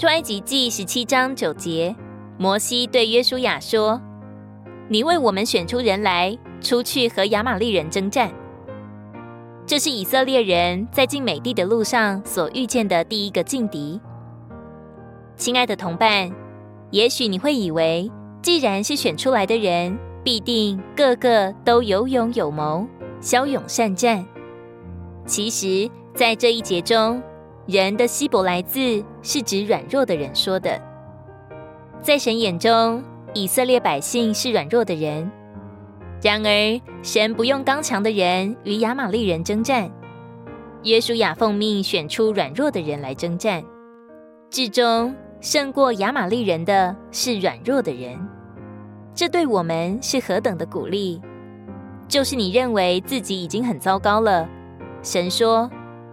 出埃及記十七章九節，摩西對約書亞說：“你為我們選出人來，出去和亞瑪力人爭戰。”這是以色列人在進美地的路上所遇見的第一個勁敵。親愛的同伴，也許你會以為，既然是選出來的人，必定個個都有勇有謀，驍勇善戰。其實，在這一節中，人的希伯來字是指軟弱的人說的，在神眼中，以色列百姓是軟弱的人。然而，神不用剛強的人與亞瑪力人爭戰。約書亞奉命選出軟弱的人來爭戰，至終勝過亞瑪力人的是軟弱的人。這對我們是何等的鼓勵！就是你認為自己已經很糟糕了，神說：“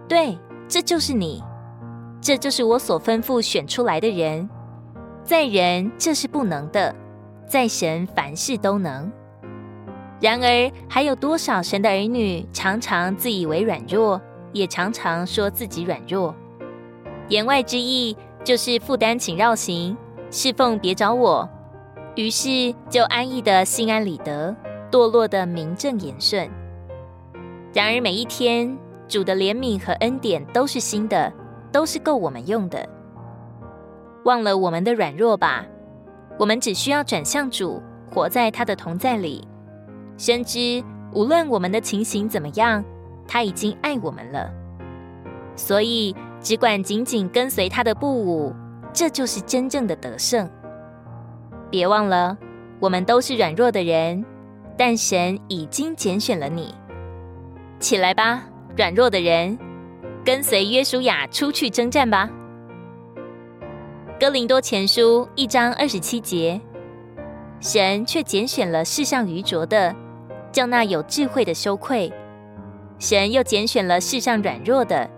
對，這就是你。”這就是我所吩咐選出來的人，在人這是不能的，在神凡事都能。然而，還有多少神的兒女常常自以為軟弱，也常常說自己軟弱，言外之意就是負擔請繞行，侍奉別找我，於是就安逸的心安理得，墮落的名正言順。然而，每一天主的憐憫和恩典都是新的。都是夠我們用的。忘了我們的軟弱吧，我們只需要轉向主，活在他的同在裡，深知無論我們的情形怎麼樣，他已經愛我們了。所以只管緊緊跟隨他的步武，這就是真正的得勝。別忘了，我們都是軟弱的人，但神已經揀選了你。起來吧，軟弱的人。跟隨約書亞出去征戰吧。哥林多前書一章二十七節，神卻揀選了世上愚拙的，叫那有智慧的羞愧；神又揀選了世上軟弱的，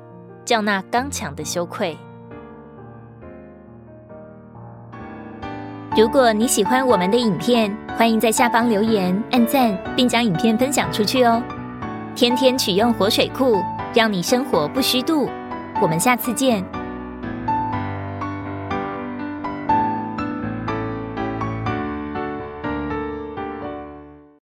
叫那剛強的羞愧。如果你喜歡我們的影片，歡迎在下方留言、按讚，並將影片分享出去哦。天天取用活水庫。讓你生活不虛度，我們下次見。